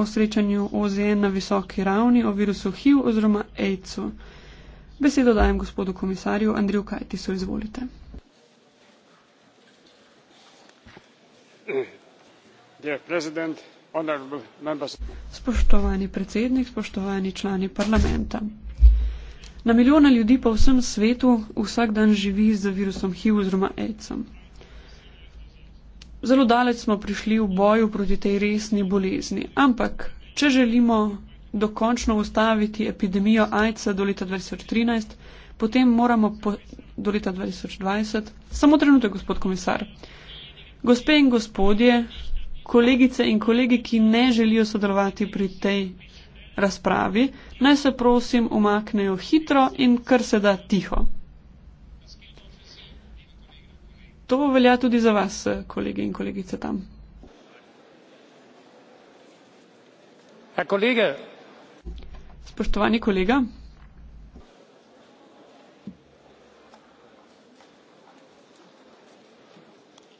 o srečanju OZN na visoki ravni o virusu HIV oziroma AIDS-u. Besedo dajem gospodu komisarju Andriju Kajtisu, izvolite. Spoštovani predsednik, spoštovani člani parlamenta. Na milijona ljudi po vsem svetu vsak dan živi z virusom HIV oziroma AIDS-om. Zelo daleč smo prišli v boju proti tej resni bolezni, ampak če želimo dokončno ustaviti epidemijo AIDS-a do leta 2013, potem moramo po, do leta 2020. Samo trenutek, gospod komisar. Gospe in gospodje, kolegice in kolegi, ki ne želijo sodelovati pri tej razpravi, naj se prosim umaknejo hitro in kar se da tiho. To velja tudi za vas, eh, kolegi in kolegice tam. Ja, kolege. Spoštovani kolega.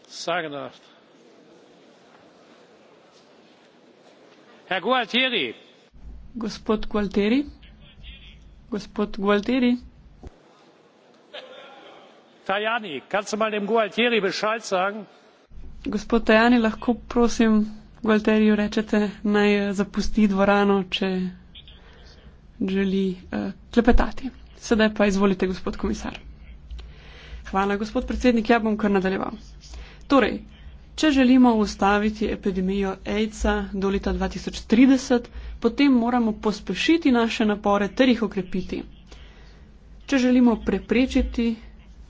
Sagnaft. Herr Gualtieri. Gospod Gualtieri. Gospod Gualtieri tajani kannst du mal dem gualtieri bescheid sagen gospod tajani lahko prosim gualtieriju rečete naj eh, zapusti dvorano če želi uh, klepetati sedaj pa izvolite gospod komisar hvala gospod predsednik ja bom kar nadaljeval torej Če želimo ustaviti epidemijo AIDS-a do leta 2030, potem moramo pospešiti naše napore ter jih okrepiti. Če želimo preprečiti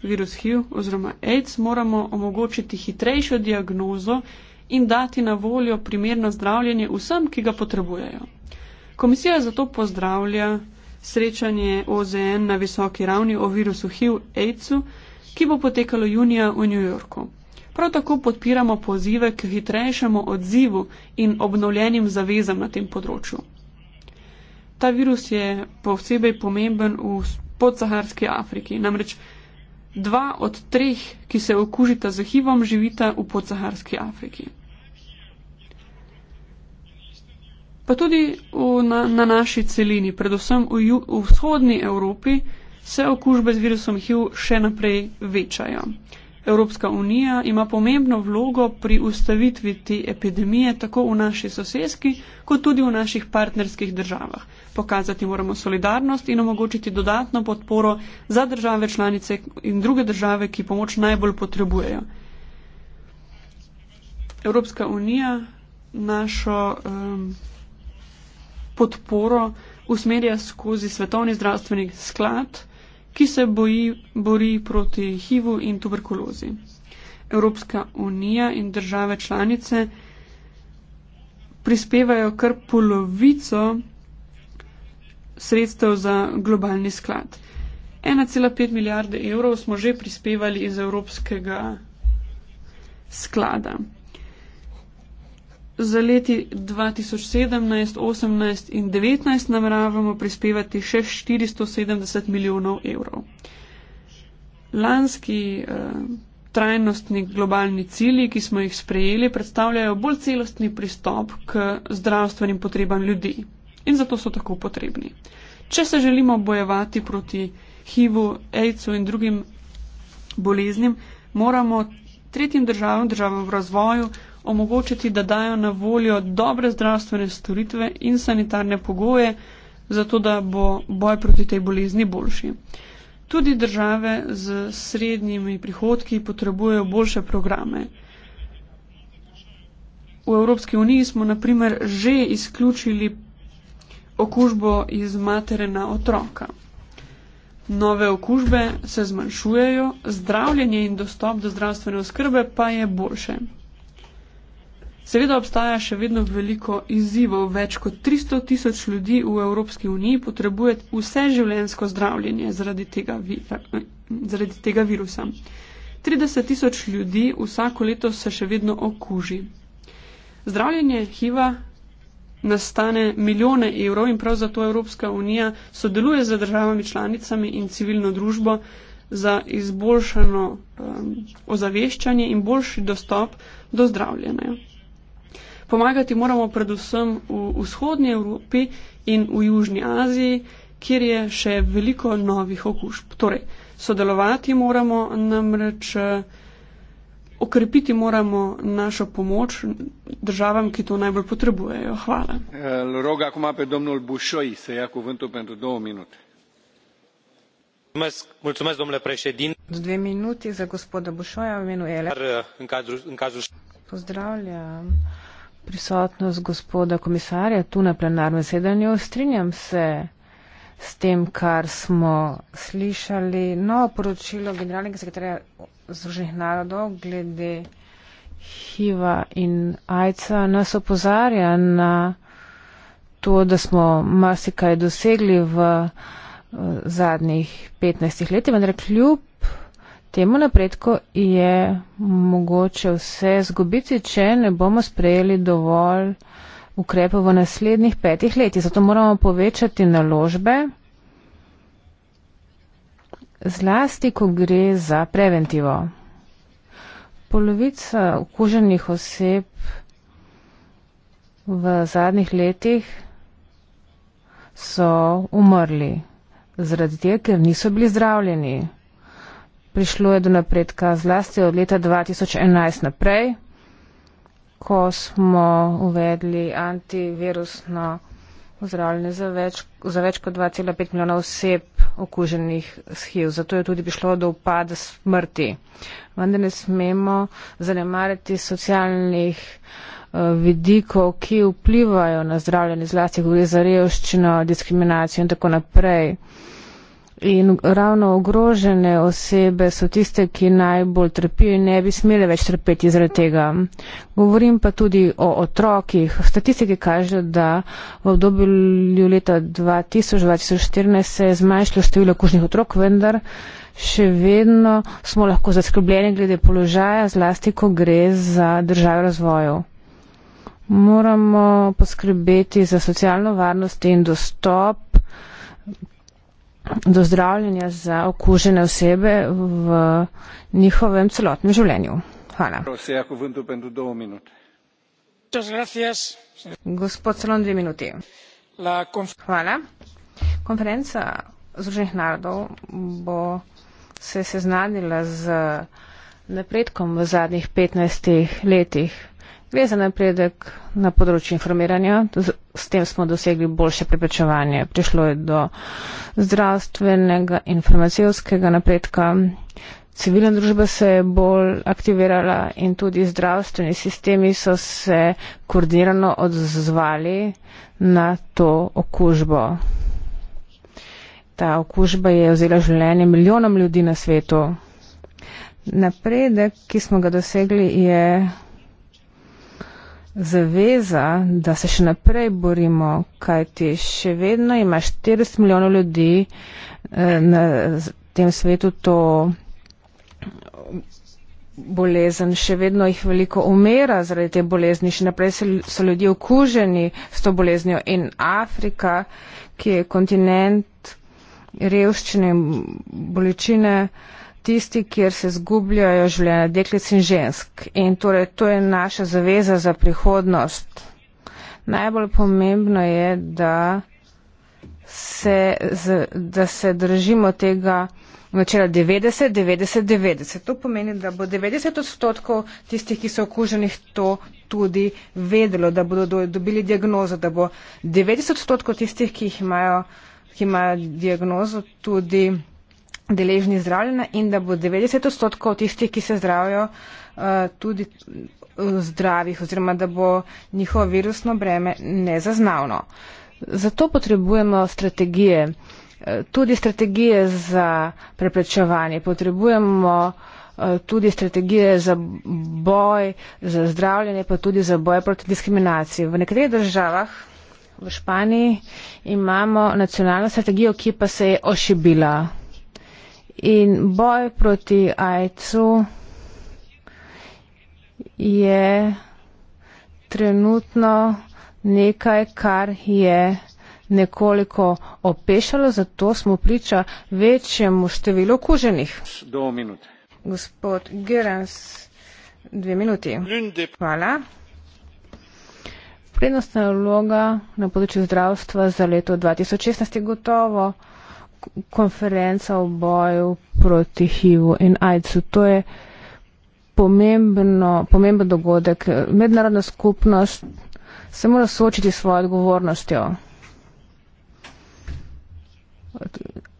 virus HIV oziroma AIDS, moramo omogočiti hitrejšo diagnozo in dati na voljo primerno zdravljenje vsem, ki ga potrebujejo. Komisija zato pozdravlja srečanje OZN na visoki ravni o virusu HIV AIDS-u, ki bo potekalo junija v New Yorku. Prav tako podpiramo pozive k hitrejšemu odzivu in obnovljenim zavezam na tem področju. Ta virus je posebej pomemben v podsaharski Afriki. Namreč dva od treh, ki se okužita z HIV-om, živita v podsaharski Afriki. Pa tudi v, na, na naši celini, predvsem v, ju, v vzhodni Evropi, se okužbe z virusom HIV še naprej večajo. Evropska unija ima pomembno vlogo pri ustavitvi te epidemije tako v naši soseski, kot tudi v naših partnerskih državah. Pokazati moramo solidarnost in omogočiti dodatno podporo za države članice in druge države, ki pomoč najbolj potrebujejo. Evropska unija našo um, podporo usmerja skozi Svetovni zdravstveni sklad, ki se boji, bori proti HIV-u in tuberkulozi. Evropska unija in države članice prispevajo kar polovico sredstev za globalni sklad. 1,5 milijarde evrov smo že prispevali iz Evropskega sklada za leti 2017, 2018 in 2019 nameravamo prispevati še 470 milijonov evrov. Lanski eh, trajnostni globalni cilji, ki smo jih sprejeli, predstavljajo bolj celostni pristop k zdravstvenim potrebam ljudi in zato so tako potrebni. Če se želimo bojevati proti HIV-u, AIDS-u in drugim boleznim, moramo tretjim državam, državam v razvoju, omogočiti, da dajo na voljo dobre zdravstvene storitve in sanitarne pogoje, zato da bo boj proti tej bolezni boljši. Tudi države z srednjimi prihodki potrebujejo boljše programe. V Evropski uniji smo naprimer že izključili okužbo iz matere na otroka. Nove okužbe se zmanjšujejo, zdravljenje in dostop do zdravstvene oskrbe pa je boljše. Seveda obstaja še vedno veliko izzivov. Več kot 300 tisoč ljudi v Evropski uniji potrebuje vse življensko zdravljenje zaradi tega, vi eh, zaradi tega virusa. 30 tisoč ljudi vsako leto se še vedno okuži. Zdravljenje HIV-a nastane milijone evrov in prav zato Evropska unija sodeluje z državami članicami in civilno družbo za izboljšano um, ozaveščanje in boljši dostop do zdravljenja. Pomagati moramo predvsem v vzhodnji Evropi in v južni Aziji, kjer je še veliko novih okužb. Torej, sodelovati moramo namreč, eh, okrepiti moramo našo pomoč državam, ki to najbolj potrebujejo. Hvala. Mulțumesc, domnule președinte. Pozdravljam prisotnost gospoda komisarja tu na plenarnem sedanju. Strinjam se s tem, kar smo slišali. No, poročilo generalnega sekretarja Združenih narodov glede HIV-a in AIDS-a nas opozarja na to, da smo marsikaj dosegli v eh, zadnjih 15 letih, vendar kljub temu napredku je mogoče vse zgubiti, če ne bomo sprejeli dovolj ukrepov v naslednjih petih letih. Zato moramo povečati naložbe, zlasti, ko gre za preventivo. Polovica okuženih oseb v zadnjih letih so umrli zaradi tega, ker niso bili zdravljeni prišlo je do napredka zlasti od leta 2011 naprej, ko smo uvedli antivirusno ozdravljanje za več, za več kot 2,5 milijona oseb okuženih s HIV. Zato je tudi prišlo do upada smrti. Vendar ne smemo zanemariti socialnih eh, vidikov, ki vplivajo na zdravljenje zlasti, gre za revščino, diskriminacijo in tako naprej. In ravno ogrožene osebe so tiste, ki najbolj trpijo in ne bi smele več trpeti zaradi tega. Govorim pa tudi o otrokih. Statistike kažejo, da v obdobju leta 2000-2014 se je zmanjšalo število kužnih otrok, vendar še vedno smo lahko zaskrbljeni glede položaja, zlasti, ko gre za državo razvoju. Moramo poskrbeti za socialno varnost in dostop do zdravljenja za okužene osebe v njihovem celotnem življenju. Hvala. Gospod Salon, dve minuti. Hvala. Konferenca Združenih narodov bo se seznanila z napredkom v zadnjih 15 letih Gre za napredek na področju informiranja, s tem smo dosegli boljše preprečevanje. Prišlo je do zdravstvenega in farmacijskega napredka, civilna družba se je bolj aktivirala in tudi zdravstveni sistemi so se koordinirano odzvali na to okužbo. Ta okužba je vzela življenje milijonom ljudi na svetu. Napredek, ki smo ga dosegli, je zaveza, da se še naprej borimo, kajti še vedno ima 40 milijonov ljudi eh, na tem svetu to bolezen, še vedno jih veliko umera zaradi te bolezni, še naprej so ljudje okuženi s to boleznjo in Afrika, ki je kontinent revščine in bolečine. Uh, tisti, kjer se zgubljajo življenja deklic in žensk. In torej to je naša zaveza za prihodnost. Najbolj pomembno je, da se, da se držimo tega načela 90, 90, 90. To pomeni, da bo 90 odstotkov tistih, ki so okuženih, to tudi vedelo, da bodo dobili diagnozo, da bo 90 odstotkov tistih, ki, imajo, ki imajo diagnozo, tudi deležni zdravljena in da bo 90 odstotkov tistih, ki se zdravijo, eh, tudi eh, zdravih oziroma da bo njihovo virusno breme nezaznavno. Zato potrebujemo strategije, eh, tudi strategije za preprečevanje, potrebujemo tudi strategije za boj, za zdravljenje, pa tudi za boj proti diskriminaciji. V nekaterih državah, v Španiji, imamo nacionalno strategijo, ki pa se je ošibila. In boj proti AIDS-u je trenutno nekaj, kar je nekoliko opešalo, zato smo priča večjemu številu okuženih. Gospod Gerens, dve minuti. Hvala. Prednostna vloga na področju zdravstva za leto 2016 je gotovo konferenca o boju proti HIV-u in AIDS-u. To je pomembno, pomemben dogodek. Mednarodna skupnost se mora soočiti s svojo odgovornostjo.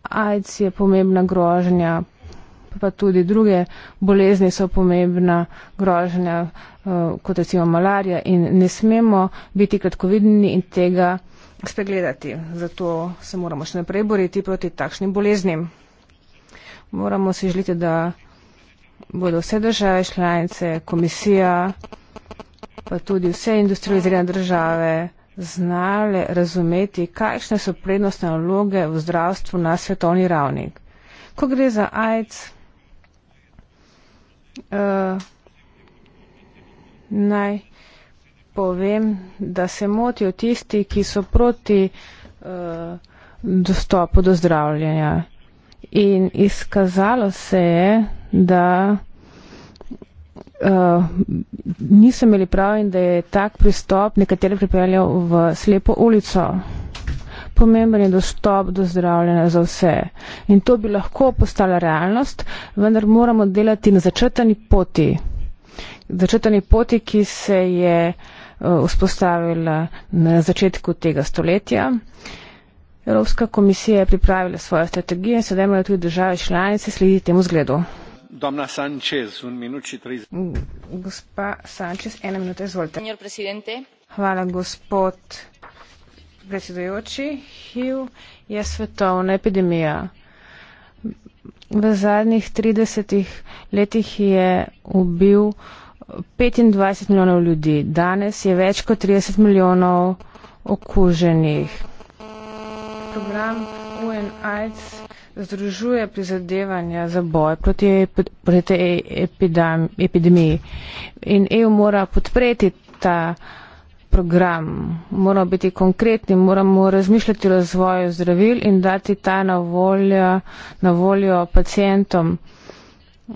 AIDS je pomembna grožnja, pa tudi druge bolezni so pomembna grožnja, eh, kot recimo malarija in ne smemo biti kratkovidni in tega spregledati. Zato se moramo še naprej boriti proti takšnim boleznim. Moramo si želiti, da bodo vse države članice, komisija, pa tudi vse industrializirane države znale razumeti, kakšne so prednostne naloge v zdravstvu na svetovni ravni. Ko gre za AIDS, uh, naj povem, da se motijo tisti, ki so proti uh, dostopu do zdravljenja. In izkazalo se je, da uh, niso imeli prav in da je tak pristop nekateri pripeljal v slepo ulico. Pomemben je dostop do zdravljenja za vse. In to bi lahko postala realnost, vendar moramo delati na začrtani poti. Začrtani poti, ki se je. Eh, vzpostavila na začetku tega stoletja. Evropska komisija je pripravila svojo strategijo in sedaj morajo tudi države članice slediti temu zgledu. Sanchez, Gospa Sančez, ena minuta, izvolite. Hvala, gospod predsedujoči. HIV je svetovna epidemija. V zadnjih 30 letih je ubil 25 milijonov ljudi, danes je več kot 30 milijonov okuženih. Program UNAIDS združuje prizadevanja za boj proti, e-, proti tej epidem, epidemiji in EU mora podpreti ta program. Moramo biti konkretni, moramo razmišljati o razvoju zdravil in dati ta na voljo, na voljo pacijentom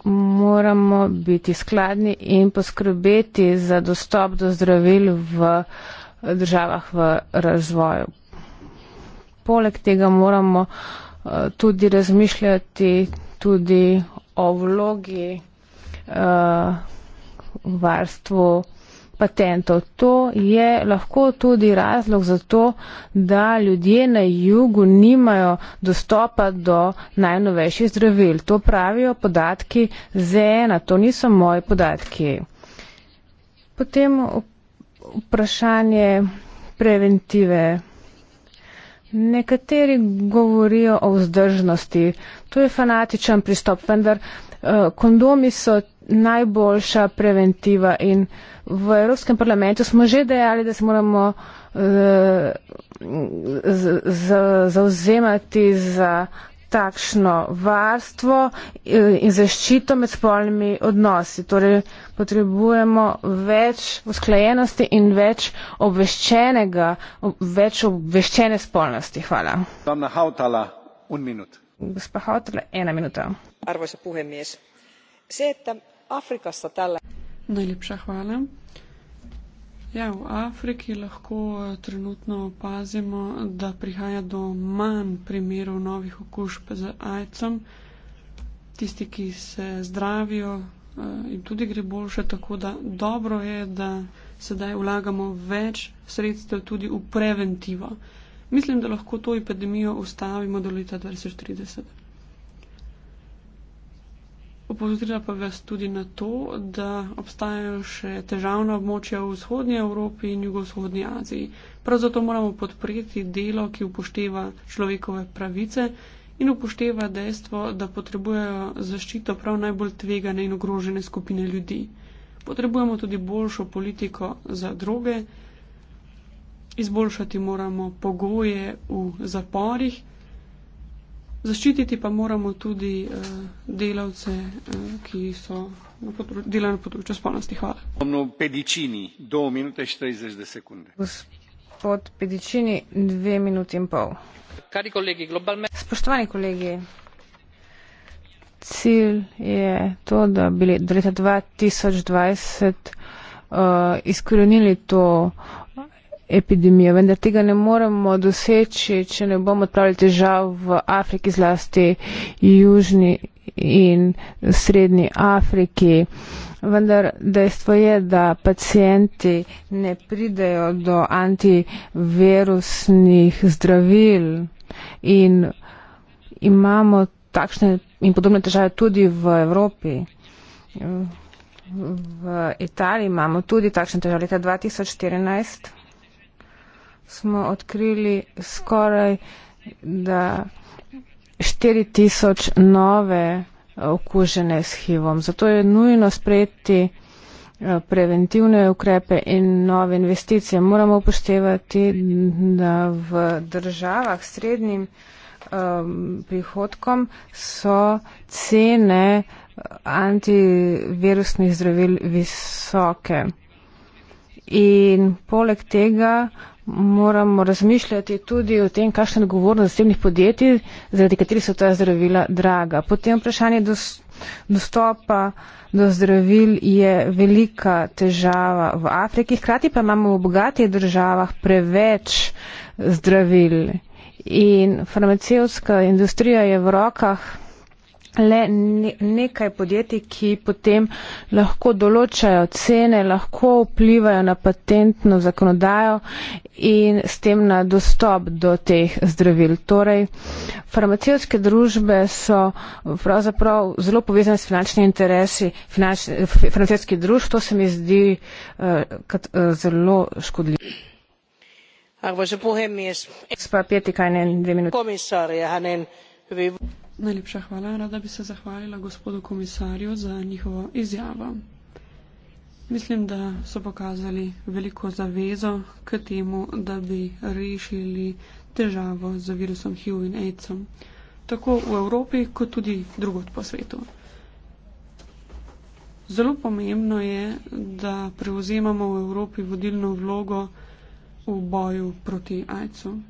moramo biti skladni in poskrbeti za dostop do zdravil v državah v razvoju. Poleg tega moramo eh, tudi razmišljati tudi o vlogi uh, varstvu patentov. To je lahko tudi razlog za to, da ljudje na jugu nimajo dostopa do najnovejših zdravil. To pravijo podatki ZNA, to niso moji podatki. Potem vprašanje preventive. Nekateri govorijo o vzdržnosti. To je fanatičen pristop, vendar eh, kondomi so najboljša preventiva. In v Evropskem parlamentu smo že dejali, da se moramo uh, eh, zauzemati za takšno varstvo eh, in zaščito med spolnimi odnosi. Torej, potrebujemo več usklajenosti in več obveščenega, več obveščene spolnosti. Hvala. Gospa Hautala, ena minuta. Arvoisa puhemies. Se, että Afrika sta tale. Najlepša hvala. Ja, v Afriki lahko eh, trenutno opazimo, da prihaja do manj primerov novih okužb z AIDS-om. Tisti, ki se zdravijo eh, in tudi gre boljše, tako da dobro je, da sedaj vlagamo več sredstev tudi v preventivo. Mislim, da lahko to epidemijo ustavimo do leta 2030. Opozorila pa vas tudi na to, da obstajajo še težavna območja v vzhodnji Evropi in jugovzhodnji Aziji. Prav zato moramo podpreti delo, ki upošteva človekove pravice in upošteva dejstvo, da potrebujejo zaščito prav najbolj tvegane in ogrožene skupine ljudi. Potrebujemo tudi boljšo politiko za droge, izboljšati moramo pogoje v zaporih. Zaščititi pa moramo tudi eh, delavce, eh, ki so na delali na področju spolnosti. Hvala. Gospod Pedičini, dve minuti in pol. Kolegi, globalme... Spoštovani kolegi, cilj je to, da bi do leta 2020 eh, izkorenili to epidemije, vendar tega ne moremo doseči, če ne bomo odpravili težav v Afriki, zlasti južni in srednji Afriki. Vendar dejstvo je, da pacijenti ne pridejo do antivirusnih zdravil in imamo takšne in podobne težave tudi v Evropi. V Italiji imamo tudi takšne težave leta 2014 smo odkrili skoraj 4000 nove okužene s HIV-om. Zato je nujno sprejeti eh, preventivne ukrepe in nove investicije. Moramo upoštevati, da v državah s srednjim um, prihodkom so cene eh, antivirusnih zdravil visoke. In poleg tega moramo razmišljati tudi o tem, kakšna je odgovornost zasebnih podjetij, zaradi katerih so ta zdravila draga. Potem vprašanje dostopa do zdravil je velika težava v Afriki, hkrati pa imamo v bogatih državah preveč zdravil. In farmacevtska industrija je v rokah le nekaj podjetij, ki potem lahko določajo cene, lahko vplivajo na patentno zakonodajo in s tem na dostop do teh zdravil. Torej, farmacijske družbe so pravzaprav zelo povezane s finančnimi interesi finanč, farmacijskih družb. To se mi zdi uh, eh, kat, uh, eh, zelo škodljivo. Arvoisa puhemies. Komissaari ja hänen hyvin... Najlepša hvala. Rada bi se zahvalila gospodu komisarju za njihovo izjavo. Mislim, da so pokazali veliko zavezo k temu, da bi rešili težavo z virusom HIV in AIDS-om, tako v Evropi, kot tudi drugot po svetu. Zelo pomembno je, da prevzemamo v Evropi vodilno vlogo v boju proti AIDS-u.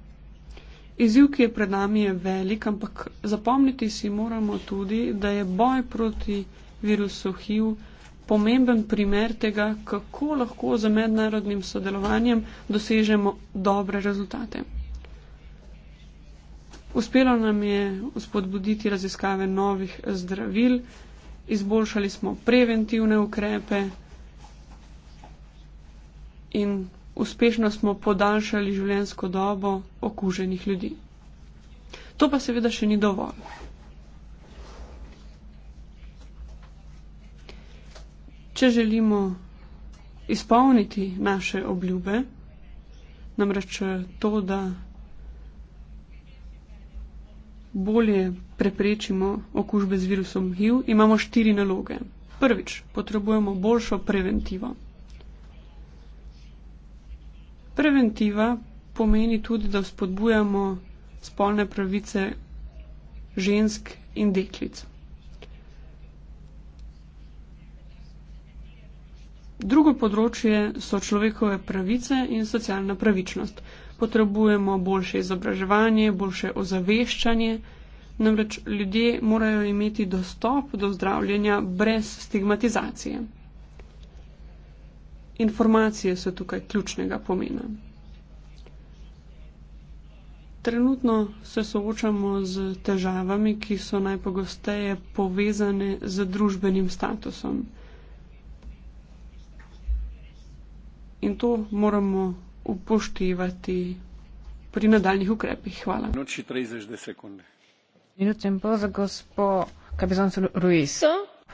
Izziv, ki je pred nami, je velik, ampak zapomniti si moramo tudi, da je boj proti virusu HIV pomemben primer tega, kako lahko z mednarodnim sodelovanjem dosežemo dobre rezultate. Uspelo nam je spodbuditi raziskave novih zdravil, izboljšali smo preventivne ukrepe in uspešno smo podaljšali življenjsko dobo okuženih ljudi. To pa seveda še ni dovolj. Če želimo izpolniti naše obljube, namreč eh, to, da bolje preprečimo okužbe z virusom HIV, imamo štiri naloge. Prvič, potrebujemo boljšo preventivo. Preventiva pomeni tudi, da spodbujamo spolne pravice žensk in deklic. Drugo področje so človekove pravice in socialna pravičnost. Potrebujemo boljše izobraževanje, boljše ozaveščanje, namreč ljudje morajo imeti dostop do zdravljenja brez stigmatizacije. Informacije so tukaj ključnega pomena. Trenutno se soočamo z težavami, ki so najpogosteje povezane z družbenim statusom. In to moramo upoštevati pri nadaljnih ukrepih. Hvala.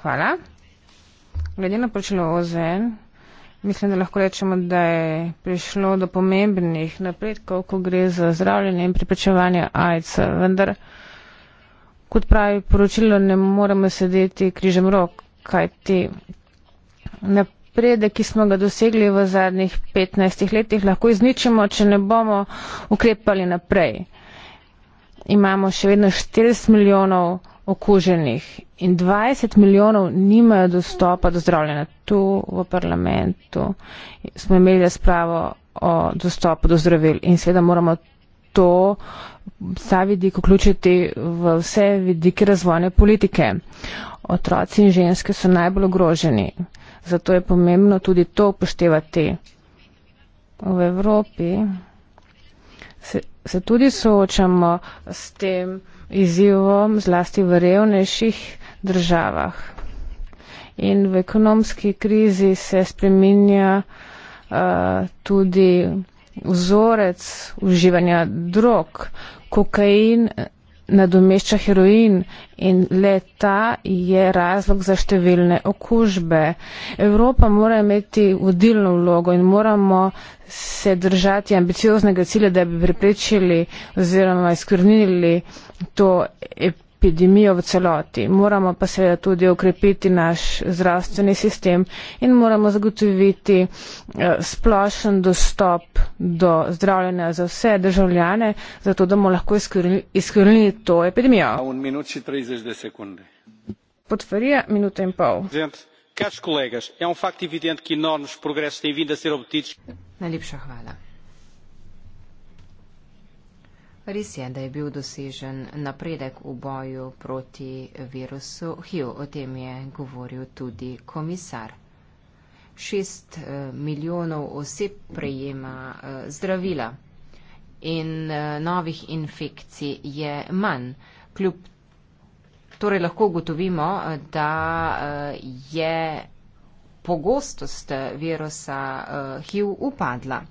Hvala. Glede na počelo OZN, Mislim, da lahko rečemo, da je prišlo do pomembnih napredkov, ko gre za zdravljenje in pripričevanje AIDS, vendar, kot pravi poročilo, ne moremo sedeti križem rok, kaj ti napredek, ki smo ga dosegli v zadnjih 15 letih, lahko izničimo, če ne bomo ukrepali naprej. Imamo še vedno 40 milijonov okuženih in 20 milijonov nimajo dostopa do zdravljenja. Tu v parlamentu smo imeli razpravo o dostopu do zdravil in seveda moramo to ta vidik vključiti v vse vidike razvojne politike. Otroci in ženske so najbolj ogroženi, zato je pomembno tudi to upoštevati. V Evropi se, se tudi soočamo s tem, izzivom, zlasti v revnejših državah. In v ekonomski krizi se spreminja uh, tudi vzorec uživanja drog. Kokain nadomešča heroin in le ta je razlog za številne okužbe. Evropa mora imeti vodilno vlogo in moramo se držati ambicioznega cilja, da bi preprečili oziroma izkrnili to epidemijo epidemijo v celoti. Moramo pa seveda tudi okrepiti naš zdravstveni sistem in moramo zagotoviti eh, splošen dostop do zdravljenja za vse državljane, zato da bomo lahko izkorenili to epidemijo. Potvarija minuta in pol. Um Najlepša hvala. Res je, da je bil dosežen napredek v boju proti virusu HIV, o tem je govoril tudi komisar. Šest eh, milijonov oseb prejema eh, zdravila in eh, novih infekcij je manj. Kljub torej lahko ugotovimo, da je pogostost virusa HIV upadla.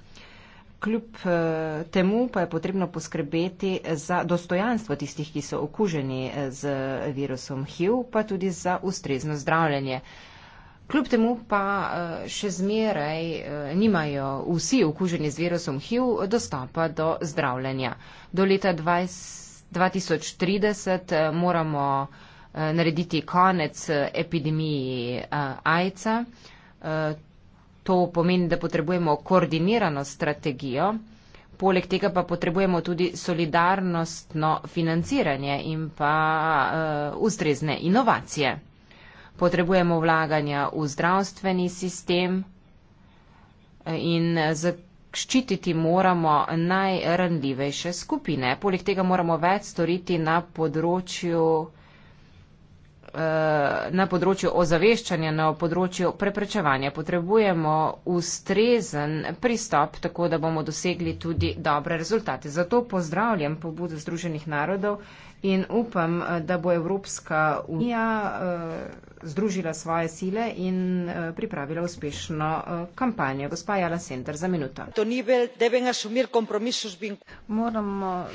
Kljub eh, temu pa je potrebno poskrbeti za dostojanstvo tistih, ki so okuženi eh, z virusom HIV, pa tudi za ustrezno zdravljenje. Kljub temu pa eh, še zmeraj nimajo vsi okuženi z virusom HIV dostopa do zdravljenja. Do leta 20, 2030 moramo narediti konec epidemiji AIDS-a. To pomeni, da potrebujemo koordinirano strategijo, poleg tega pa potrebujemo tudi solidarnostno financiranje in pa uh, ustrezne inovacije. Potrebujemo vlaganja v zdravstveni sistem eh, in zaščititi moramo najrandljivejše skupine. Poleg tega moramo več storiti na področju Eh, na področju ozaveščanja, na področju preprečevanja. Potrebujemo ustrezen pristop, tako da bomo dosegli tudi dobre rezultate. Zato pozdravljam pobudo Združenih narodov in upam, eh, da bo Evropska unija eh, združila svoje sile in pripravila uspešno kampanjo. Gospa Jala Center, za minuto. Moramo.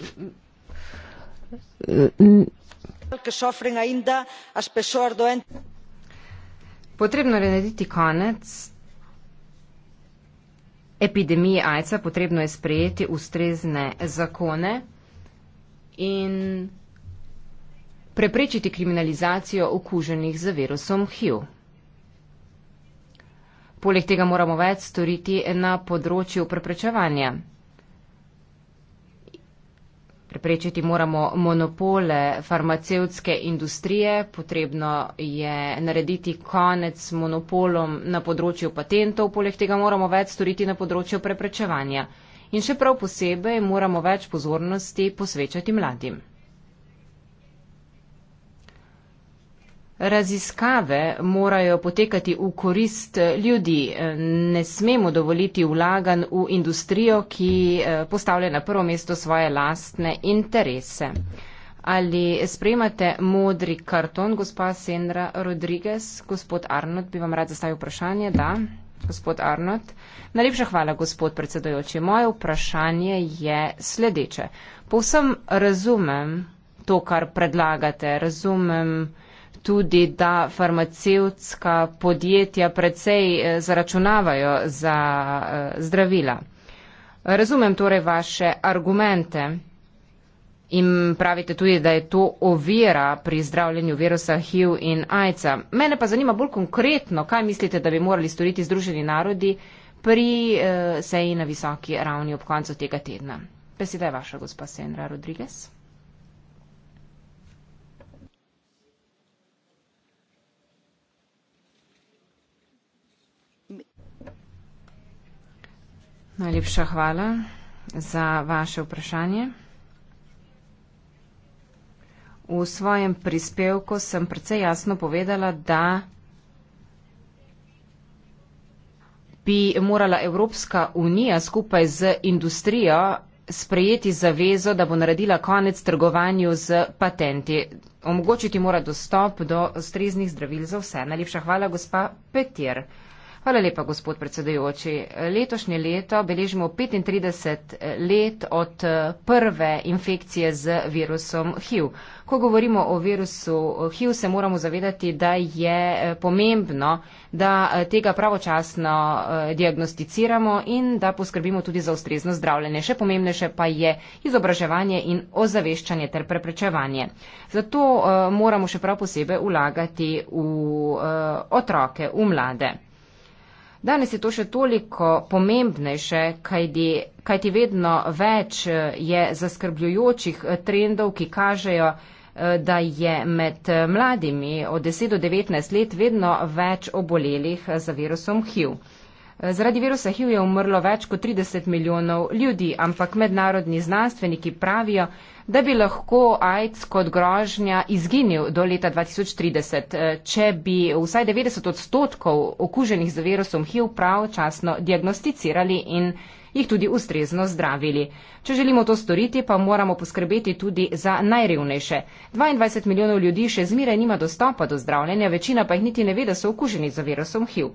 Potrebno je narediti konec epidemiji AIDS-a, potrebno je sprejeti ustrezne zakone in preprečiti kriminalizacijo okuženih z virusom HIV. Poleg tega moramo več storiti na področju preprečevanja. Preprečiti moramo monopole farmacevtske industrije, potrebno je narediti konec monopolom na področju patentov, poleg tega moramo več storiti na področju preprečevanja. In še prav posebej moramo več pozornosti posvečati mladim. Raziskave morajo potekati v korist eh, ljudi. Eh, ne smemo dovoliti vlagan v industrijo, ki eh, postavlja na prvo mesto svoje lastne interese. Ali sprejmate modri karton, gospa Sendra Rodriguez? Gospod Arnold, bi vam rad zastavil vprašanje. Da, gospod Arnold. Najlepša hvala, gospod predsedojoči. Moje vprašanje je sledeče. Povsem razumem to, kar predlagate. Razumem tudi, da farmacevtska podjetja precej eh, zaračunavajo za eh, zdravila. Razumem torej vaše argumente in pravite tudi, da je to ovira pri zdravljenju virusa HIV in AIDS-a. Mene pa zanima bolj konkretno, kaj mislite, da bi morali storiti Združeni narodi pri eh, seji na visoki ravni ob koncu tega tedna. Besede je vaša, gospa Sandra Rodriguez. Najlepša hvala za vaše vprašanje. V svojem prispevku sem precej jasno povedala, da bi morala Evropska unija skupaj z industrijo sprejeti zavezo, da bo naredila konec trgovanju z patenti. Omogočiti mora dostop do ustreznih zdravil za vse. Najlepša hvala, gospa Petir. Hvala lepa, gospod predsedujoči. Letošnje leto beležimo 35 let od prve infekcije z virusom HIV. Ko govorimo o virusu HIV, se moramo zavedati, da je pomembno, da tega pravočasno diagnosticiramo in da poskrbimo tudi za ustrezno zdravljenje. Še pomembnejše pa je izobraževanje in ozaveščanje ter preprečevanje. Zato moramo še prav posebej vlagati v otroke, v mlade. Danes je to še toliko pomembnejše, kajdi, kajdi vedno več eh, je zaskrbljujočih eh, trendov, ki kažejo, eh, da je med mladimi od 10 do 19 let vedno več obolelih za virusom HIV. Zaradi virusa HIV je umrlo več kot 30 milijonov ljudi, ampak mednarodni znanstveniki pravijo, da bi lahko AIDS kot grožnja izginil do leta 2030, eh, če bi vsaj 90 odstotkov okuženih z virusom HIV pravčasno diagnosticirali in jih tudi ustrezno zdravili. Če želimo to storiti, pa moramo poskrbeti tudi za najrevnejše. 22 milijonov ljudi še zmeraj nima dostopa do zdravljenja, večina pa jih niti ne ve, da so okuženi z virusom HIV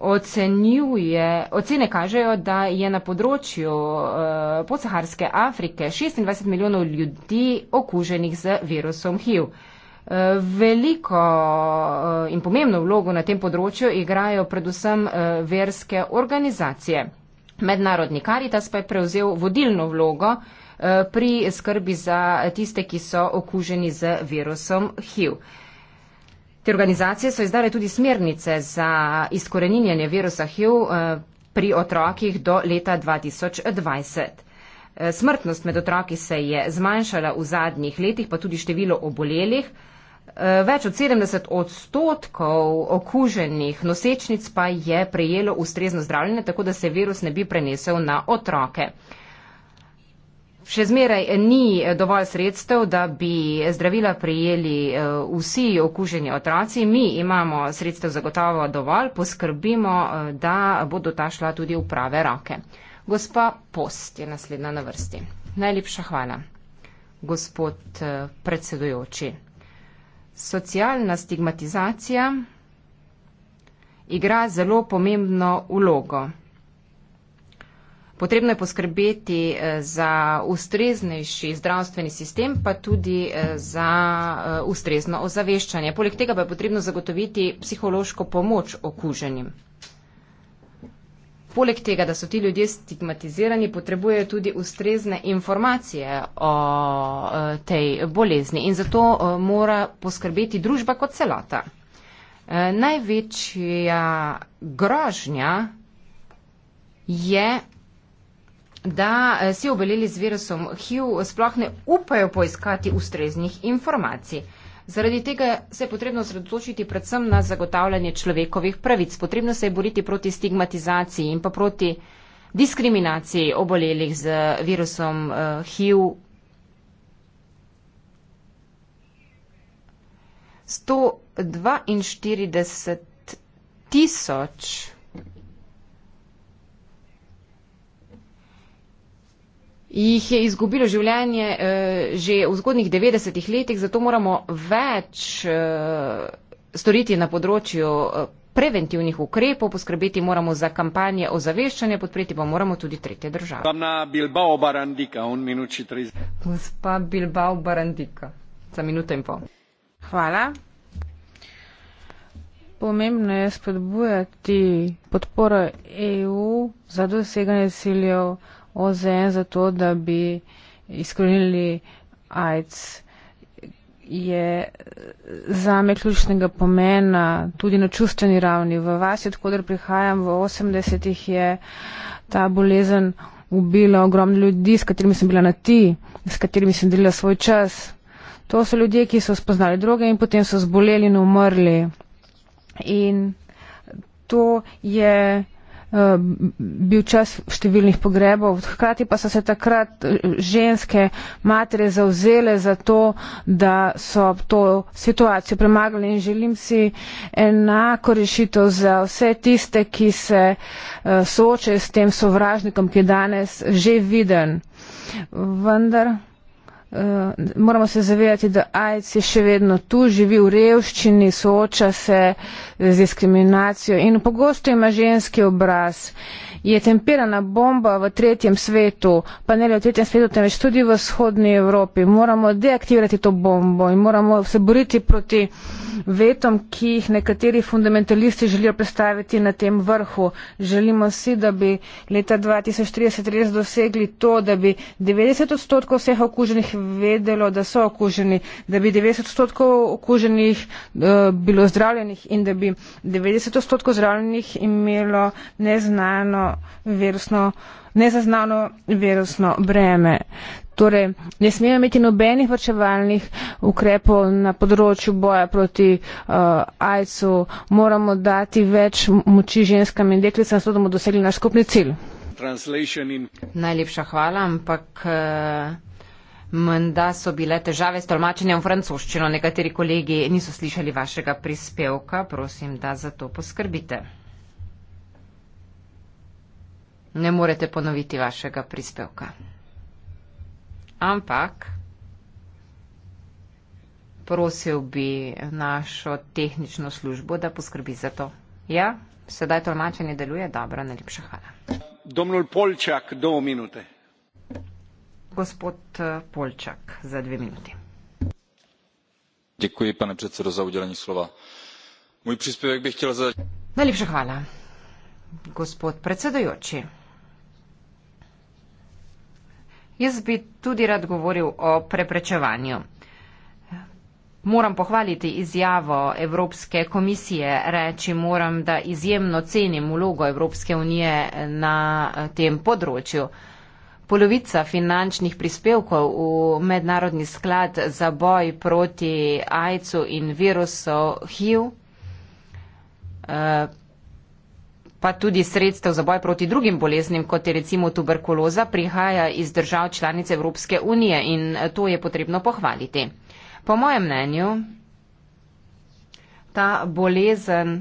ocenjuje, ocene kažejo, da je na področju uh, podsaharske Afrike 26 milijonov ljudi okuženih z virusom HIV. Eh, veliko eh, in pomembno vlogo na tem področju igrajo predvsem verske organizacije. Mednarodni karitas pa je prevzel vodilno vlogo pri skrbi za tiste, ki so okuženi z virusom HIV. Te organizacije so izdale tudi smernice za izkoreninjanje virusa HIV eh, pri otrokih do leta 2020. Eh, smrtnost med otroki se je zmanjšala v zadnjih letih, pa tudi število obolelih. Eh, več od 70 odstotkov okuženih nosečnic pa je prejelo ustrezno zdravljenje, tako da se virus ne bi prenesel na otroke še zmeraj ni eh, dovolj sredstev, da bi zdravila prijeli eh, vsi okuženi otroci. Mi imamo sredstev zagotovo dovolj, poskrbimo, eh, da bodo ta šla tudi v prave roke. Gospa Post je naslednja na vrsti. Najlepša hvala, gospod predsedujoči. Socialna stigmatizacija igra zelo pomembno vlogo. Potrebno je poskrbeti eh, za ustreznejši zdravstveni sistem, pa tudi eh, za eh, ustrezno ozaveščanje. Poleg tega pa je potrebno zagotoviti psihološko pomoč okuženim. Poleg tega, da so ti ljudje stigmatizirani, potrebujejo tudi ustrezne informacije o tej bolezni in zato mora poskrbeti družba kot celota. Največja grožnja je da eh, si obeleli z virusom HIV sploh ne upajo poiskati ustreznih informacij. Zaradi tega se je potrebno sredotočiti predvsem na zagotavljanje človekovih pravic. Potrebno se je boriti proti stigmatizaciji in pa proti diskriminaciji obolelih z virusom HIV. Eh, Sto dvainštirideset tisoč. jih je izgubilo življenje uh, že v zgodnih 90-ih letih, zato moramo več uh, storiti na področju uh, preventivnih ukrepov, poskrbeti moramo za kampanje o zaveščanju, podpreti pa moramo tudi tretje države. Gospa Bilbao Barandika, za minuto in pol. Hvala. Pomembno je spodbujati podporo EU za doseganje ciljev OZN za to, da bi izkorenili AIDS, je eh, zame ključnega pomena tudi na čustveni ravni. V vasi, odkudar prihajam, v 80-ih je ta bolezen ubila ogromno ljudi, s katerimi sem bila na ti, s katerimi sem delila svoj čas. To so ljudje, ki so spoznali droge in potem so zboleli in umrli. In to je bil čas številnih pogrebov. Hkrati pa so se takrat eh, ženske matere zauzele za to, da so to situacijo premagali in želim si enako rešitev za vse tiste, ki se eh, soočajo s tem sovražnikom, ki je danes že viden. Vendar. Eh, moramo se zavedati, da AIDS je še vedno tu, živi v revščini, sooča se z diskriminacijo in pogosto ima ženski obraz. Uh, je temperana bomba v tretjem svetu, pa ne le v tretjem svetu, temveč tudi v vzhodni Evropi. Moramo deaktivirati to bombo in moramo se boriti proti vetom, ki jih nekateri fundamentalisti želijo predstaviti na tem vrhu. Želimo si, da bi leta 2030 res dosegli to, da bi 90 odstotkov vseh okuženih vedelo, da so okuženi, da bi 90 odstotkov okuženih eh, bilo zdravljenih in da bi 90 odstotkov zdravljenih imelo neznano virusno, nezaznano virusno breme. Torej, ne smemo imeti nobenih vrčevalnih ukrepov na področju boja proti uh, AIDS-u. Moramo dati več moči ženskam in deklicam, zato da bomo dosegli naš skupni cilj. In... Najlepša hvala, ampak uh, menda so bile težave s tolmačenjem francoščino. Nekateri kolegi niso slišali vašega prispevka. Prosim, da za to poskrbite ne morete ponoviti vašega prispevka. Ampak prosil bi našo tehnično službo, da poskrbi za to. Ja, sedaj tolmačenje deluje dobro, najlepša hvala. Domnul Polčak, do minute. Gospod eh, Polčak, za dve minuti. Děkuji, pane predsedo, za udelení slova. Moj príspevek bi chtěl za... Najlepša hvala. Gospod predsedojoči, Jaz bi tudi rad govoril o preprečevanju. Moram pohvaliti izjavo Evropske komisije, reči moram, da izjemno cenim vlogo Evropske unije na eh, tem področju. Polovica finančnih prispevkov v mednarodni sklad za boj proti AIDS-u in virusu HIV eh, pa tudi sredstev za boj proti drugim boleznim, kot je recimo tuberkuloza, prihaja iz držav članic Evropske unije in eh, to je potrebno pohvaliti. Po mojem mnenju, ta bolezen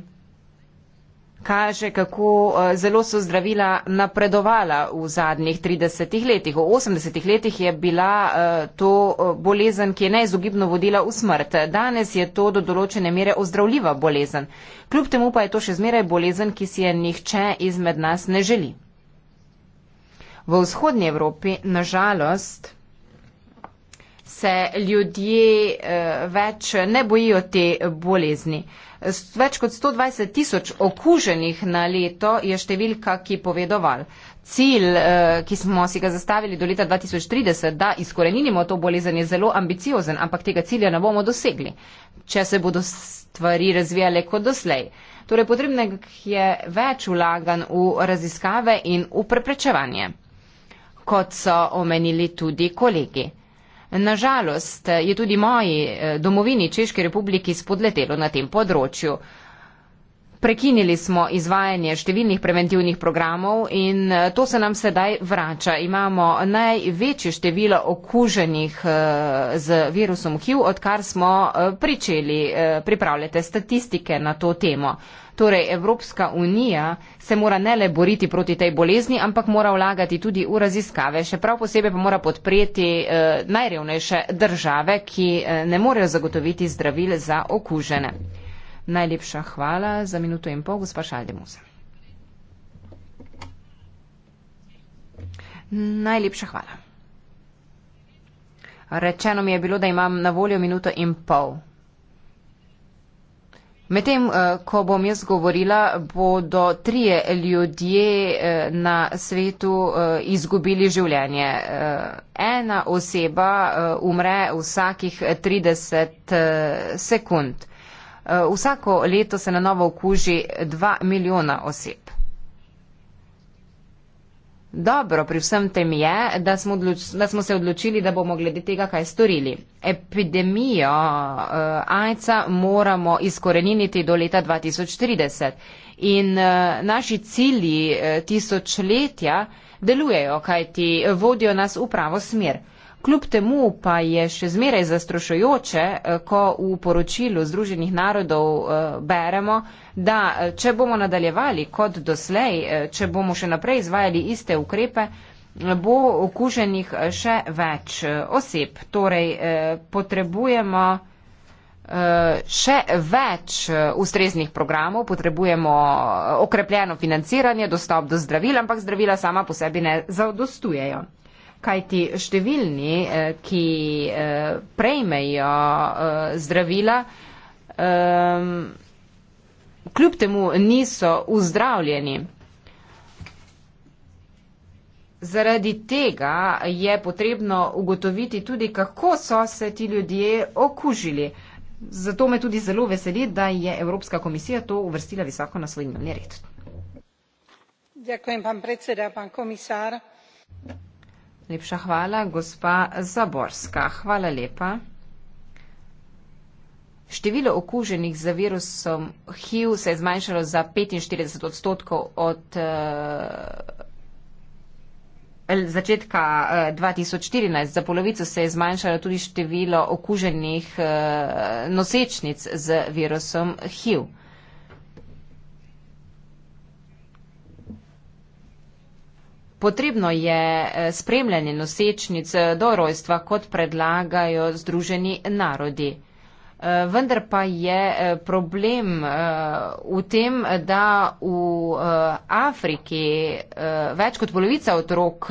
kaže, kako eh, zelo so zdravila napredovala v zadnjih 30 letih. V 80 letih je bila eh, to eh, bolezen, ki je neizogibno vodila v smrt. Danes je to do določene mere ozdravljiva bolezen. Kljub temu pa je to še zmeraj bolezen, ki si je nihče izmed nas ne želi. V vzhodnji Evropi, nažalost, se ljudje več ne bojijo te bolezni. Več kot 120 tisoč okuženih na leto je številka, ki povedoval. Cilj, eh, ki smo si ga zastavili do leta 2030, da izkoreninimo to bolezen, je zelo ambiciozen, ampak tega cilja ne bomo dosegli, če se bodo stvari razvijale kot doslej. Torej, potrebno je več vlagan v raziskave in v preprečevanje, kot so omenili tudi kolegi. Nažalost je tudi moji eh, domovini Češke republiki spodletelo na tem področju prekinili smo izvajanje številnih preventivnih programov in eh, to se nam sedaj vrača. Imamo največje število okuženih eh, z virusom HIV, odkar smo eh, pričeli pripravljati statistike na to temo. Torej, Evropska unija se mora ne le boriti proti tej bolezni, ampak mora vlagati tudi v raziskave. Še prav posebej pa mora podpreti najrevnejše države, ki ne morejo zagotoviti zdravil za okužene. Najlepša hvala za minuto in pol, gospa Šaldemus. Najlepša hvala. Rečeno mi je bilo, da imam na voljo minuto in pol. Medtem, eh, ko bom jaz govorila, bodo trije ljudje eh, na svetu eh, izgubili življenje. Ena oseba umre vsakih 30 sekund. Eh, vsako leto se na novo okuži 2 milijona oseb. Dobro pri vsem tem je, da smo, odloč, da smo se odločili, da bomo glede tega kaj storili. Epidemijo uh, AIDS-a moramo izkoreniniti do leta 2030 in uh, naši cilji uh, tisočletja delujejo, kajti vodijo nas v pravo smer. Kljub temu pa je še zmeraj zastrošujoče, eh, ko v poročilu Združenih narodov eh, beremo, da eh, če bomo nadaljevali kot doslej, če bomo še naprej izvajali iste ukrepe, bo okuženih še več oseb. Torej potrebujemo še več ustreznih programov, potrebujemo okrepljeno financiranje, dostop do zdravil, ampak zdravila sama po sebi ne zadostujejo kajti številni, eh, ki eh, prejmejo eh, zdravila, ehm, kljub temu niso uzdravljeni. Zaradi tega je potrebno ugotoviti tudi, kako so se ti ljudje okužili. Zato me tudi zelo veseli, da je Evropska komisija to uvrstila visoko na svoj dnevni red. Zahvaljujem, pan predseda, pan komisar. Lepša hvala, gospa Zaborska. Hvala lepa. Število okuženih za virusom HIV se je zmanjšalo za 45 odstotkov od uh, začetka uh, eh, 2014. Za polovico se je zmanjšalo tudi število okuženih uh, nosečnic z virusom HIV. Uh, Potrebno je eh, spremljanje nosečnic eh, do rojstva, kot predlagajo Združeni narodi. Eh, vendar pa je problem v tem, da v Afriki več kot polovica otrok,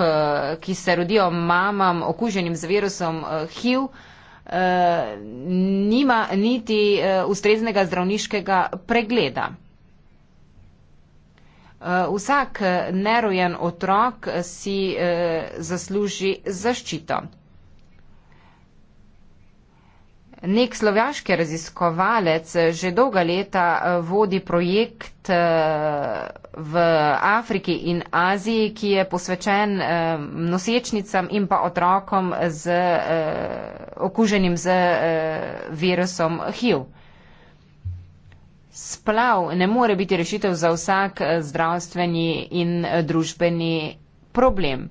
ki se rodijo mamam okuženim z virusom HIV, nima niti ustreznega zdravniškega pregleda. Eh, vsak nerojen otrok si eh, zasluži zaščito. Nek slovaški raziskovalec eh, že dolga leta vodi projekt v Afriki in Aziji, ki je posvečen nosečnicam in pa otrokom z, okuženim z virusom HIV. Splav ne more biti rešitev za vsak eh, zdravstveni in eh, družbeni problem.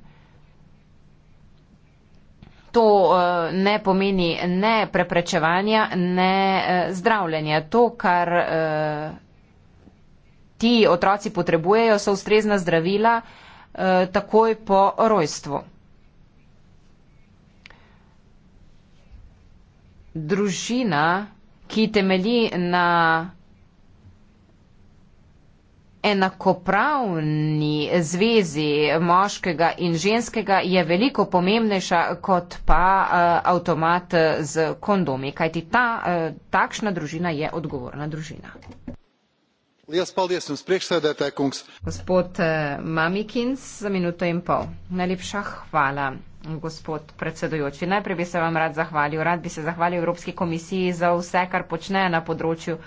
To eh, ne pomeni ne preprečevanja, ne zdravljenja. To, kar ti otroci potrebujejo, so ustrezna zdravila takoj po rojstvu. Družina, ki temelji na enakopravni zvezi moškega in ženskega je veliko pomembnejša kot pa eh, avtomat z kondomi, kajti ta eh, takšna družina je odgovorna družina. Gospod eh, Mamikins, za minuto in pol. Najlepša hvala, gospod predsedujoči. Najprej bi se vam rad zahvalil. Rad bi se zahvalil Evropski komisiji za vse, kar počne na področju.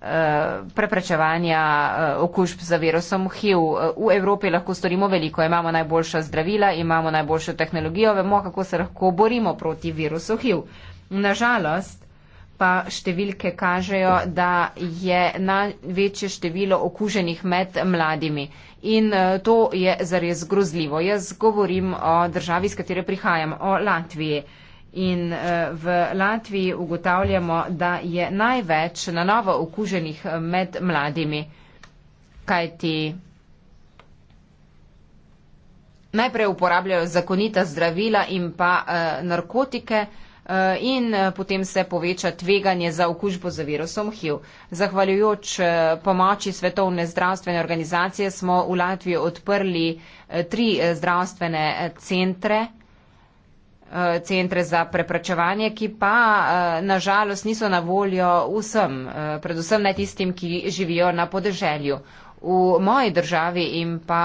Eh, preprečevanja eh, okužb za virusom HIV. V Evropi lahko storimo veliko, imamo najboljša zdravila, imamo najboljšo tehnologijo, vemo, kako se lahko borimo proti virusu HIV. Nažalost pa številke kažejo, da je največje število okuženih med mladimi. In eh, to je zares grozljivo. Jaz govorim o državi, iz katere prihajam, o Latviji. In eh, v Latviji ugotavljamo, da je največ na novo okuženih eh, med mladimi, kajti najprej uporabljajo zakonita zdravila in pa eh, narkotike in potem se poveča tveganje za okužbo za virusom HIV. Zahvaljujoč pomoči Svetovne zdravstvene organizacije smo v Latviji odprli tri zdravstvene centre Eh, centre za preprečevanje, ki pa eh, nažalost niso na voljo vsem, eh, predvsem ne tistim, ki živijo na podeželju. V moji državi in pa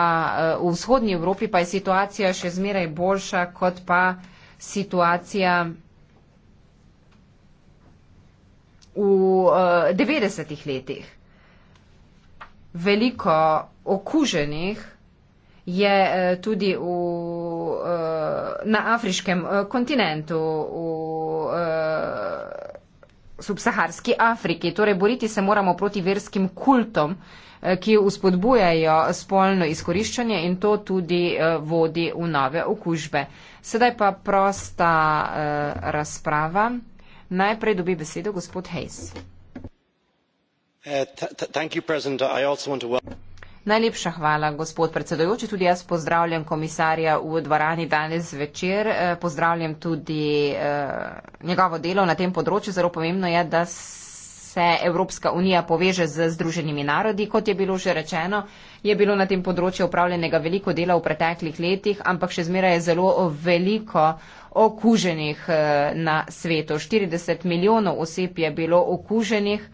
v vzhodnji Evropi pa je situacija še zmeraj boljša kot pa situacija v 90-ih letih. Veliko okuženih je tudi v na afriškem eh, kontinentu, v uh, subsaharski Afriki. Torej, boriti se moramo proti verskim kultom, eh, ki uspodbujajo spolno izkoriščanje in to tudi uh, vodi v nove okužbe. Sedaj pa prosta uh, razprava. Najprej dobi besedo gospod Hayes. Uh, Najlepša hvala, gospod predsedojoči. Tudi jaz pozdravljam komisarja v dvorani danes večer. Eh, pozdravljam tudi eh, njegovo delo na tem področju. Zelo pomembno je, da se Evropska unija poveže z Združenimi narodi. Kot je bilo že rečeno, je bilo na tem področju upravljenega veliko dela v preteklih letih, ampak še zmeraj je zelo veliko okuženih eh, na svetu. 40 milijonov oseb je bilo okuženih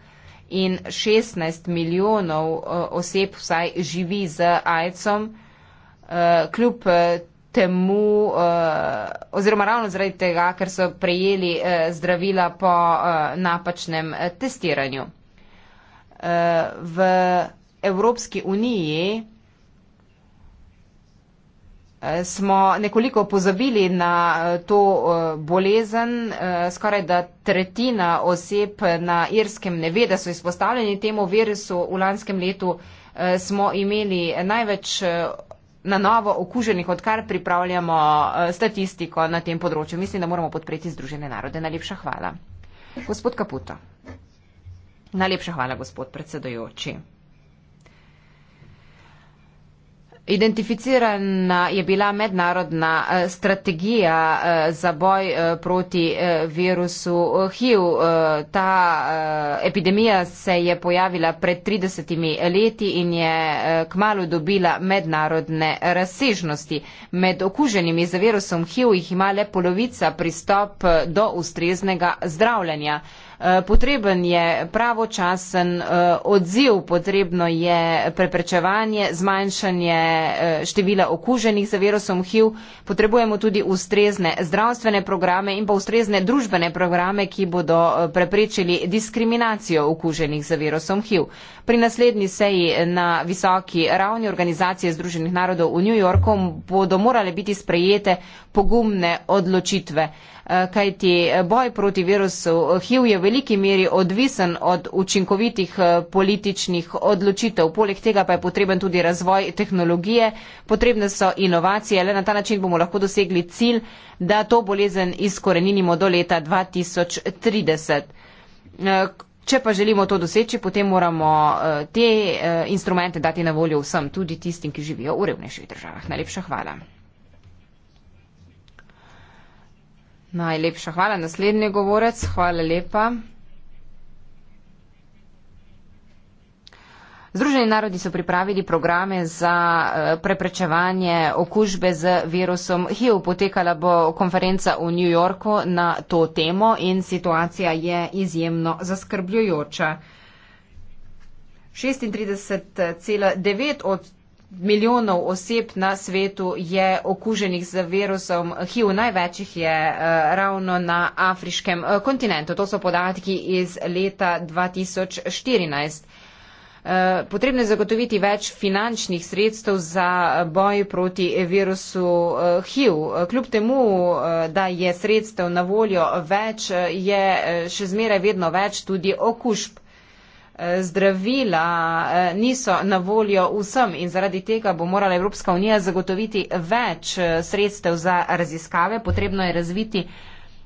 in 16 milijonov eh, oseb vsaj živi z AIDS-om, eh, kljub eh, temu, oziroma ravno zaradi tega, ker so prejeli zdravila po napačnem testiranju. V Evropski uniji Eh, smo nekoliko pozabili na eh, to eh, bolezen. Skoraj da tretjina oseb na Irskem ne ve, da so izpostavljeni temu virusu. V lanskem letu smo imeli največ na novo okuženih, odkar pripravljamo statistiko na tem področju. Mislim, da moramo podpreti Združene narode. Najlepša hvala. Gospod Kaputo. Najlepša hvala, gospod predsedojoči. Identificirana je bila mednarodna eh, strategija eh, za boj eh, proti virusu HIV. Ta epidemija se je pojavila pred 30 leti in je kmalo dobila mednarodne razsežnosti. Med okuženimi za virusom HIV jih ima le polovica pristop do ustreznega zdravljanja. Eh, potreben je pravočasen eh, odziv, potrebno je preprečevanje, zmanjšanje eh, števila okuženih za virusom HIV, potrebujemo tudi ustrezne zdravstvene programe in pa ustrezne družbene programe, ki bodo preprečili diskriminacijo okuženih za virusom HIV. Pri naslednji seji na visoki ravni organizacije Združenih narodov v New Yorku bodo morale biti sprejete pogumne odločitve. Eh, kajti eh, boj proti virusu HIV je v veliki meri odvisen od učinkovitih eh, političnih odločitev. Poleg tega pa je potreben tudi razvoj tehnologije, potrebne so inovacije, le na ta način bomo lahko dosegli cilj, da to bolezen izkoreninimo do leta 2030. Če pa želimo to doseči, potem moramo te instrumente dati na voljo vsem, tudi tistim, ki živijo v revnejših državah. Najlepša hvala. Najlepša hvala. Naslednji govorec, hvala lepa. Združeni narodi so pripravili programe za eh, preprečevanje okužbe z virusom HIV. Potekala bo konferenca v New Yorku na to temo in situacija je izjemno zaskrbljujoča. 36,9 odstotkov milijonov oseb na svetu je okuženih z virusom HIV, največjih je eh, ravno na afriškem eh, kontinentu. To so podatki iz leta 2014. Eh, potrebno je zagotoviti več finančnih sredstev za boj proti virusu HIV. Kljub temu, da je sredstev na voljo več, je še zmeraj vedno več tudi okužb zdravila eh, niso na voljo vsem in zaradi tega bo morala Evropska unija zagotoviti več eh, sredstev za raziskave. Potrebno je razviti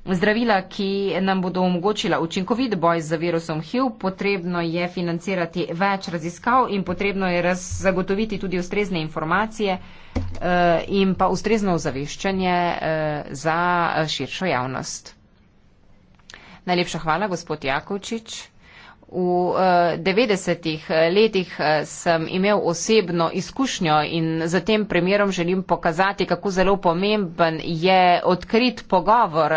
zdravila, ki nam bodo omogočila učinkovit boj z virusom HIV. Potrebno je financirati več raziskav in potrebno je zagotoviti tudi ustrezne informacije eh, in pa ustrezno ozaveščanje za širšo javnost. Najlepša hvala, gospod Jakovčič. V 90-ih eh, eh, letih eh, sem imel osebno izkušnjo in za tem primerom želim pokazati, kako zelo pomemben je odkrit pogovor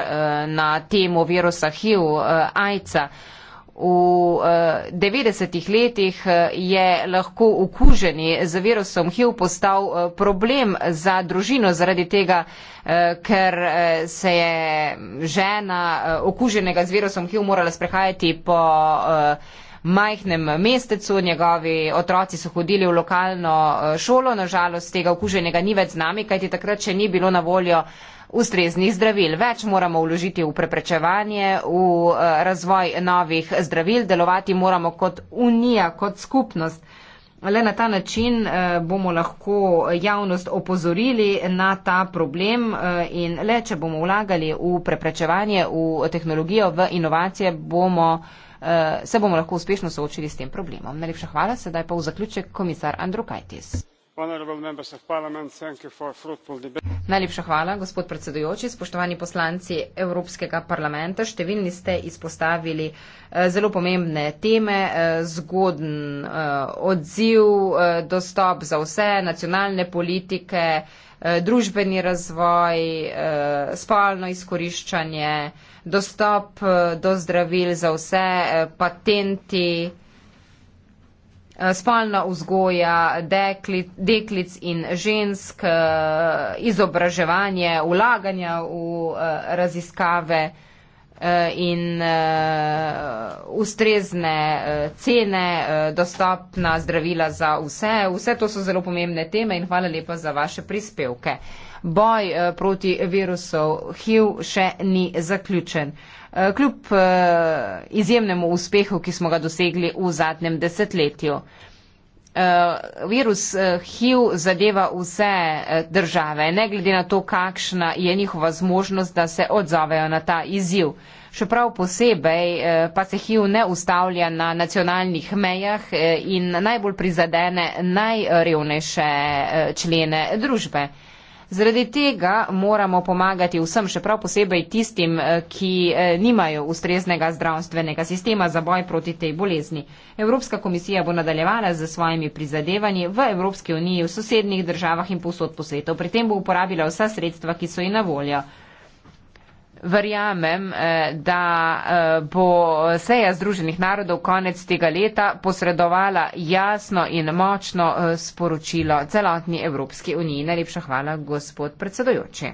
na temo virusa HIV-AIDS-a v 90-ih eh, letih eh, je lahko okuženi z virusom HIV postal eh, problem za družino zaradi tega, ker se je žena okuženega z virusom HIV morala sprehajati po majhnem mestecu, njegovi otroci so hodili v lokalno šolo, nažalost tega okuženega ni več z nami, kajti takrat še ni bilo na voljo ustreznih zdravil. Več moramo vložiti v preprečevanje, v eh, razvoj novih zdravil, delovati moramo kot unija, kot skupnost. Le na ta način eh, bomo lahko javnost opozorili na ta problem eh, in le, če bomo vlagali v preprečevanje, v tehnologijo, v inovacije, bomo, se bomo lahko uspešno soočili s tem problemom. Najlepša hvala, sedaj pa v zaključek komisar Andrukaitis. Najlepša hvala, gospod predsedujoči. Spoštovani poslanci Evropskega parlamenta, številni ste izpostavili eh, zelo pomembne teme, eh, zgodn eh, odziv, dostop za vse, nacionalne politike, družbeni razvoj, spolno izkoriščanje, dostop do zdravil za vse, patenti. Eh, spolna vzgoja dekli, deklic in žensk, eh, izobraževanje, ulaganja v eh, raziskave in ustrezne cene, dostopna zdravila za vse. Vse to so zelo pomembne teme in hvala lepa za vaše prispevke boj eh, proti virusu HIV še ni zaključen. Eh, kljub eh, izjemnemu uspehu, ki smo ga dosegli v zadnjem desetletju. Virus HIV zadeva vse države, ne glede na to, kakšna je njihova zmožnost, da se odzovejo na ta izziv. Čeprav posebej pa se HIV ne ustavlja na nacionalnih mejah in najbolj prizadene najrevnejše člene družbe. Zaradi tega moramo pomagati vsem, še prav posebej tistim, eh, ki eh, nimajo ustreznega zdravstvenega sistema za boj proti tej bolezni. Evropska komisija bo nadaljevala z svojimi prizadevanji v Evropski uniji, v sosednjih državah in posod po svetu. Pri tem bo uporabila vsa sredstva, ki so ji na voljo. Verjamem, eh, da eh, bo seja Združenih narodov konec tega leta posredovala jasno in močno eh, sporočilo celotni Evropski uniji. Najlepša hvala, gospod predsedujoči.